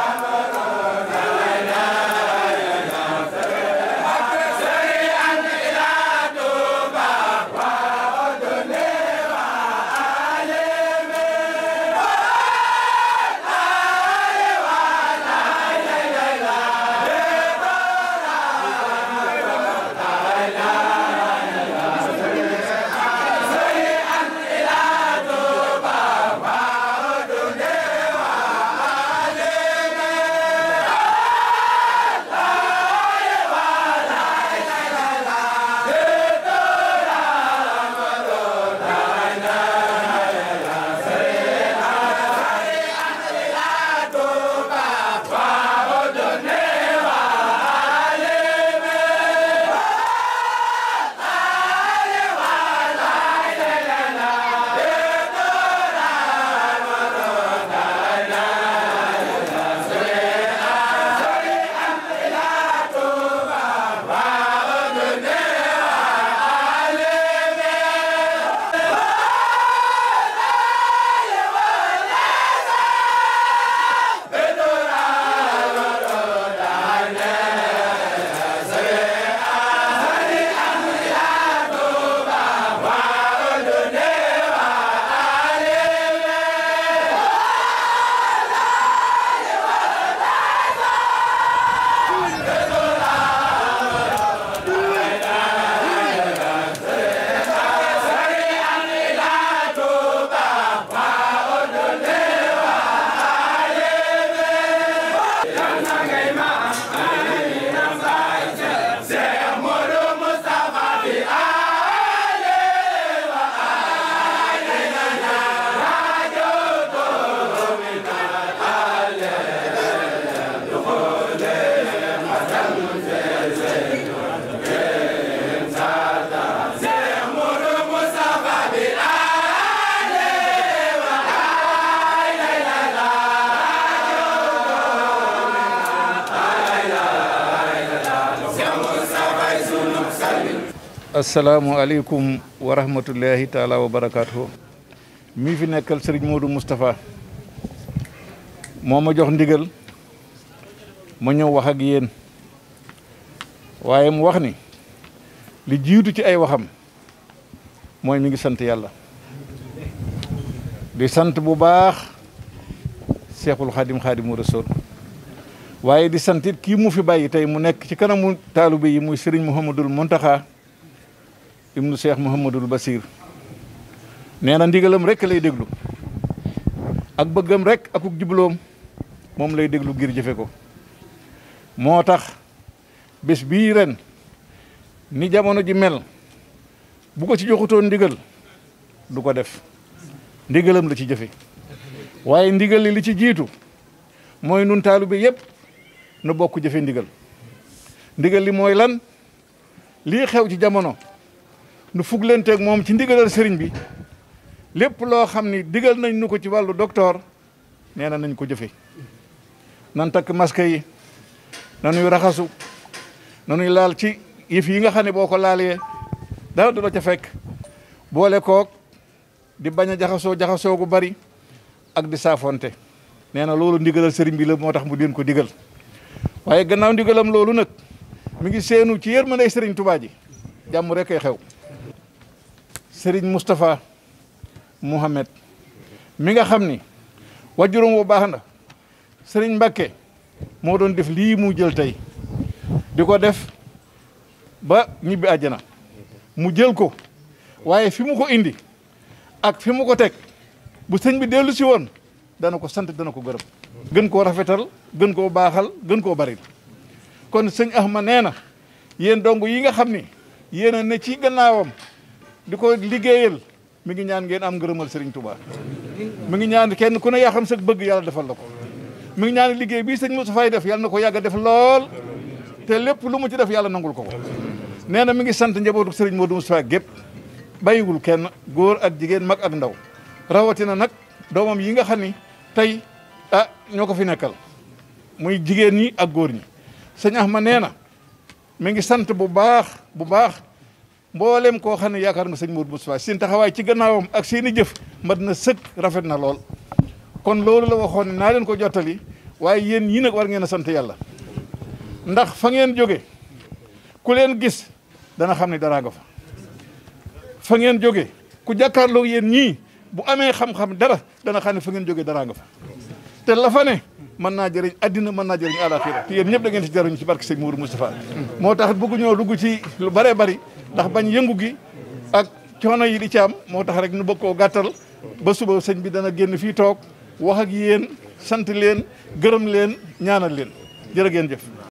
Amen. asalaamualeykum wa rahmatullahi taala wa barakaatu. mii fi nekkal Serigne Modou mustafa moo ma jox ndigal ma ñëw wax ak yéen waaye mu wax ni li jiitu ci ay waxam mooy mi ngi sant yàlla di sant bu baax Seexul Xaadim Xaadimu Rasuul waaye di santit kii mu fi bàyyi tey mu nekk ci kanamu taalibe yi muy sëriñ Mouhamadul Mountakha ibnu cheikh mouhamadul basir nee na ndigalam rek lay déglu ak bëggam rek akuk jubloom moom lay déglu ngir jëfe ko moo tax bés bii ren ni jamono ji mel bu ko ci joxutoon ndigal du ko def ndigalam la ci jëfe waaye ndigal li li ci jiitu mooy nun taalibe yépp nu bokk jëfe ndigal ndigal li mooy lan lii xew ci jamono nu fuglanteeg moom ci ndigalal sëriñ bi lépp loo xam ni digal nañ nu ko ci wàllu docteur nee na nañ ko jëfe nan takk masque yi nanuy raxasu nanuy laal ci yëf yi nga xam ne boo ko laalee daal du la ca fekk boole koog di bañ a jaxasoo jaxasoo gu bari ak di saafonte nee na loolu ndigalal sëriñ bi la moo tax mu deen ko digal waaye gannaaw ndigalam loolu nag mu ngi seenu ci yërmande sëriñ Tuubaa ji jàmm rek ay xew sëriñ Moustapha Mouhamed mi nga xam ni wajuróom bu baax na sëriñ Mbacke moo doon def lii mu jël tey di ko def ba ñibbi àjjana mu jël ko waaye fi mu ko indi ak fi mu ko teg bu sëñ bi dellu si woon dana ko sant dana ko gërëm gën koo rafetal gën koo baaxal gën koo bari kon sëñ Ahma nee na yéen dong yi nga xam ni yéen ne ci gannaawam di ko liggéeyal mi ngi ñaan ngeen am ngërëmal Serigne tubaa mu ngi ñaan kenn ku ne yaa xam sax bëgg yàlla defal la ko mi ngi ñaan liggéey bii sëñ Moussa Faye def yàlla na ko yàgg a def lool te lépp lu mu ci def yàlla nangul ko ko nee na mi ngi sant sëriñ njabootu Serigne Modou Moustapha gépp bàyyiwul kenn góor ak jigéen mag ak ndaw rawatina nag doomam yi nga xam ni tey ah ñoo ko fi nekkal muy jigéen ñi ak góor ñi sëñ Axma nee na mi ngi sant bu baax bu baax mboolem koo xam ne yaakaar nga sëñ Modou Moustapha seen taxawaay ci gannaawam ak seeni jëf mat na sëkk rafet na lool kon loolu la waxoon naa leen ko jottali waaye yéen ñi nag war ngeen a sant yàlla ndax fa ngeen jóge ku leen gis dana xam ne daraa nga ngeen jóge ku jàkkaarloo yéen ñii bu amee xam-xam dara dana xam ne fa ngeen jóge daraa nga fa te la fa ne mën naa jëriñ addina mën naa jëriñ àlaxira te yéen ñëpp da ngeen ci jëriñ ci barke sëñ Modou Moustapha moo tax bëgguñoo dugg ci lu bare bari ndax bañ yëngu gi ak coono yi di ci am moo tax rek nu bëgg koo gàttal ba suba sëñ bi dana génn fi toog wax ak yéen sant leen gërëm leen ñaanal leen a geen jëf